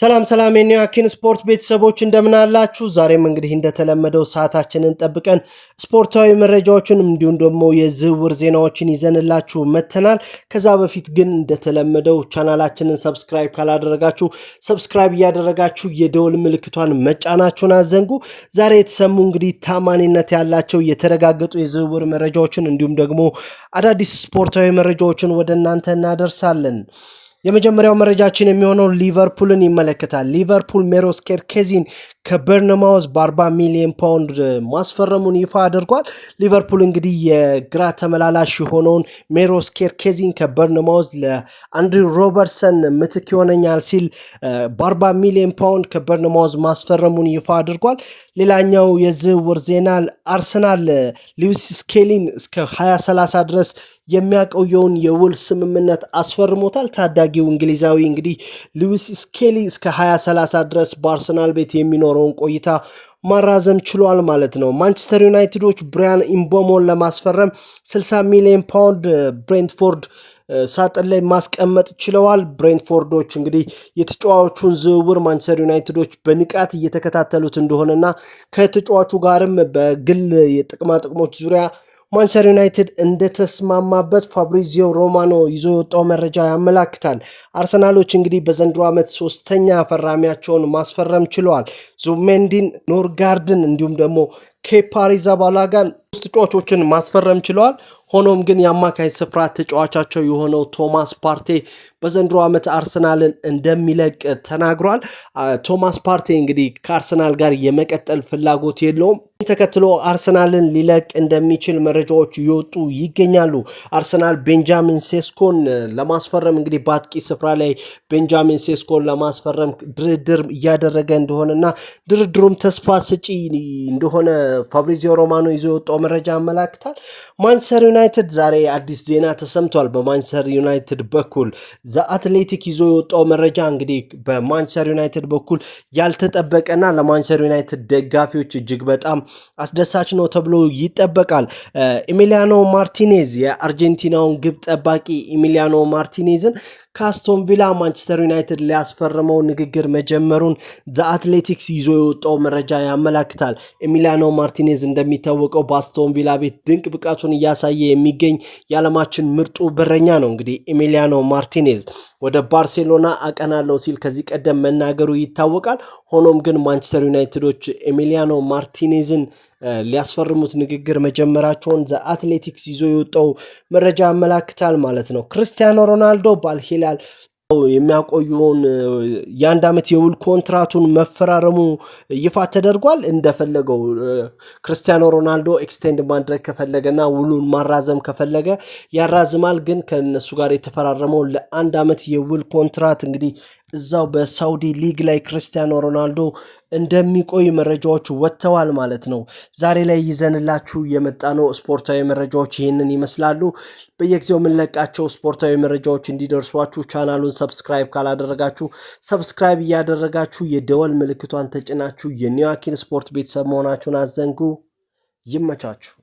ሰላም ሰላም የኒያኪን ስፖርት ቤተሰቦች እንደምናላችሁ። ዛሬም እንግዲህ እንደተለመደው ሰዓታችንን ጠብቀን ስፖርታዊ መረጃዎችን እንዲሁም ደግሞ የዝውውር ዜናዎችን ይዘንላችሁ መተናል። ከዛ በፊት ግን እንደተለመደው ቻናላችንን ሰብስክራይብ ካላደረጋችሁ ሰብስክራይብ እያደረጋችሁ የደወል ምልክቷን መጫናችሁን አዘንጉ። ዛሬ የተሰሙ እንግዲህ ታማኒነት ያላቸው የተረጋገጡ የዝውውር መረጃዎችን እንዲሁም ደግሞ አዳዲስ ስፖርታዊ መረጃዎችን ወደ እናንተ እናደርሳለን። የመጀመሪያው መረጃችን የሚሆነው ሊቨርፑልን ይመለከታል። ሊቨርፑል ሜሮስ ኬርኬዚን ከበርነማውዝ በ40 ሚሊዮን ፓውንድ ማስፈረሙን ይፋ አድርጓል። ሊቨርፑል እንግዲህ የግራ ተመላላሽ የሆነውን ሜሮስ ኬርኬዚን ከበርነማውዝ ለአንድሪው ሮበርትሰን ምትክ ይሆነኛል ሲል በ40 ሚሊዮን ፓውንድ ከበርነማውዝ ማስፈረሙን ይፋ አድርጓል። ሌላኛው የዝውውር ዜና አርሰናል ሊዊስ ስኬሊን እስከ 2030 ድረስ የሚያቆየውን የውል ስምምነት አስፈርሞታል። ታዳጊው እንግሊዛዊ እንግዲህ ሉዊስ ስኬሊ እስከ 2030 ድረስ በአርሰናል ቤት የሚኖረውን ቆይታ ማራዘም ችሏል ማለት ነው። ማንቸስተር ዩናይትዶች ብሪያን ኢምቦሞን ለማስፈረም 60 ሚሊዮን ፓውንድ ብሬንትፎርድ ሳጥን ላይ ማስቀመጥ ችለዋል። ብሬንትፎርዶች እንግዲህ የተጫዋቹን ዝውውር ማንቸስተር ዩናይትዶች በንቃት እየተከታተሉት እንደሆነና ከተጫዋቹ ጋርም በግል የጥቅማጥቅሞች ጥቅሞች ዙሪያ ማንቸስተር ዩናይትድ እንደተስማማበት ፋብሪዚዮ ሮማኖ ይዞ የወጣው መረጃ ያመላክታል። አርሰናሎች እንግዲህ በዘንድሮ ዓመት ሶስተኛ ፈራሚያቸውን ማስፈረም ችለዋል። ዙሜንዲን፣ ኖርጋርድን እንዲሁም ደግሞ ኬፓሪዛ ባላጋን ሶስት ተጫዋቾችን ማስፈረም ችለዋል። ሆኖም ግን የአማካይ ስፍራ ተጫዋቻቸው የሆነው ቶማስ ፓርቴ በዘንድሮ ዓመት አርሰናልን እንደሚለቅ ተናግሯል። ቶማስ ፓርቴ እንግዲህ ከአርሰናል ጋር የመቀጠል ፍላጎት የለውም። ተከትሎ አርሰናልን ሊለቅ እንደሚችል መረጃዎች እየወጡ ይገኛሉ። አርሰናል ቤንጃሚን ሴስኮን ለማስፈረም እንግዲህ በአጥቂ ስፍራ ላይ ቤንጃሚን ሴስኮን ለማስፈረም ድርድር እያደረገ እንደሆነና ድርድሩም ተስፋ ስጪ እንደሆነ ፋብሪዚዮ ሮማኖ ይዞ የወጣው መረጃ ያመላክታል። ማንቸስተር ዩናይትድ ዛሬ አዲስ ዜና ተሰምቷል። በማንቸስተር ዩናይትድ በኩል ዘአትሌቲክ ይዞ የወጣው መረጃ እንግዲህ በማንቸስተር ዩናይትድ በኩል ያልተጠበቀና ለማንቸስተር ዩናይትድ ደጋፊዎች እጅግ በጣም አስደሳች ነው ተብሎ ይጠበቃል። ኤሚሊያኖ ማርቲኔዝ የአርጀንቲናውን ግብ ጠባቂ ኤሚሊያኖ ማርቲኔዝን ከአስቶን ቪላ ማንቸስተር ዩናይትድ ሊያስፈርመው ንግግር መጀመሩን ዘ አትሌቲክስ ይዞ የወጣው መረጃ ያመላክታል። ኤሚሊያኖ ማርቲኔዝ እንደሚታወቀው በአስቶን ቪላ ቤት ድንቅ ብቃቱን እያሳየ የሚገኝ የዓለማችን ምርጡ በረኛ ነው። እንግዲህ ኤሚሊያኖ ማርቲኔዝ ወደ ባርሴሎና አቀናለው ሲል ከዚህ ቀደም መናገሩ ይታወቃል። ሆኖም ግን ማንቸስተር ዩናይትዶች ኤሚሊያኖ ማርቲኔዝን ሊያስፈርሙት ንግግር መጀመራቸውን ዘ አትሌቲክስ ይዞ የወጣው መረጃ ያመላክታል ማለት ነው። ክርስቲያኖ ሮናልዶ ባልሂላል የሚያቆዩውን የአንድ ዓመት የውል ኮንትራቱን መፈራረሙ ይፋ ተደርጓል። እንደፈለገው ክርስቲያኖ ሮናልዶ ኤክስቴንድ ማድረግ ከፈለገና ውሉን ማራዘም ከፈለገ ያራዝማል። ግን ከነሱ ጋር የተፈራረመው ለአንድ ዓመት የውል ኮንትራት እንግዲህ እዛው በሳውዲ ሊግ ላይ ክርስቲያኖ ሮናልዶ እንደሚቆይ መረጃዎች ወጥተዋል ማለት ነው። ዛሬ ላይ ይዘንላችሁ የመጣ ነው ስፖርታዊ መረጃዎች ይህንን ይመስላሉ። በየጊዜው የምንለቃቸው ስፖርታዊ መረጃዎች እንዲደርሷችሁ ቻናሉን ሰብስክራይብ ካላደረጋችሁ ሰብስክራይብ እያደረጋችሁ የደወል ምልክቷን ተጭናችሁ የኒዋኪን ስፖርት ቤተሰብ መሆናችሁን አዘንጉ። ይመቻችሁ።